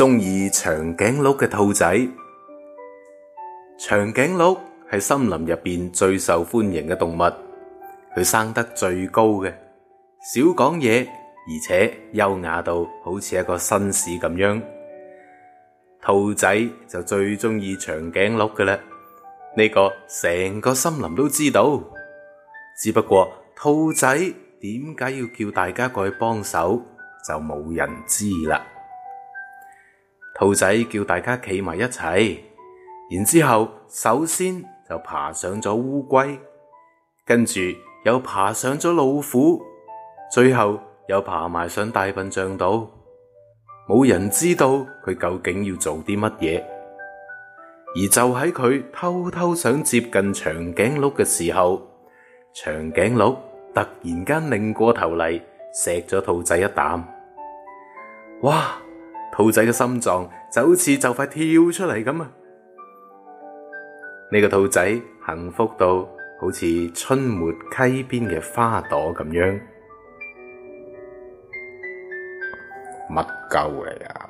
中意長頸鹿嘅兔仔，長頸鹿係森林入邊最受歡迎嘅動物，佢生得最高嘅，少講嘢，而且優雅到好似一個紳士咁樣。兔仔就最中意長頸鹿㗎啦，呢個成個森林都知道，只不過兔仔點解要叫大家過去幫手，就冇人知啦。兔仔叫大家企埋一齊，然之後首先就爬上咗烏龜，跟住又爬上咗老虎，最後又爬埋上大笨象度。冇人知道佢究竟要做啲乜嘢，而就喺佢偷偷想接近長頸鹿嘅時候，長頸鹿突然間擰過頭嚟，錫咗兔仔一啖。哇！兔仔嘅心臟就好似就快跳出嚟咁啊！呢、這個兔仔幸福到好似春末溪邊嘅花朵咁樣，乜鳩嚟啊！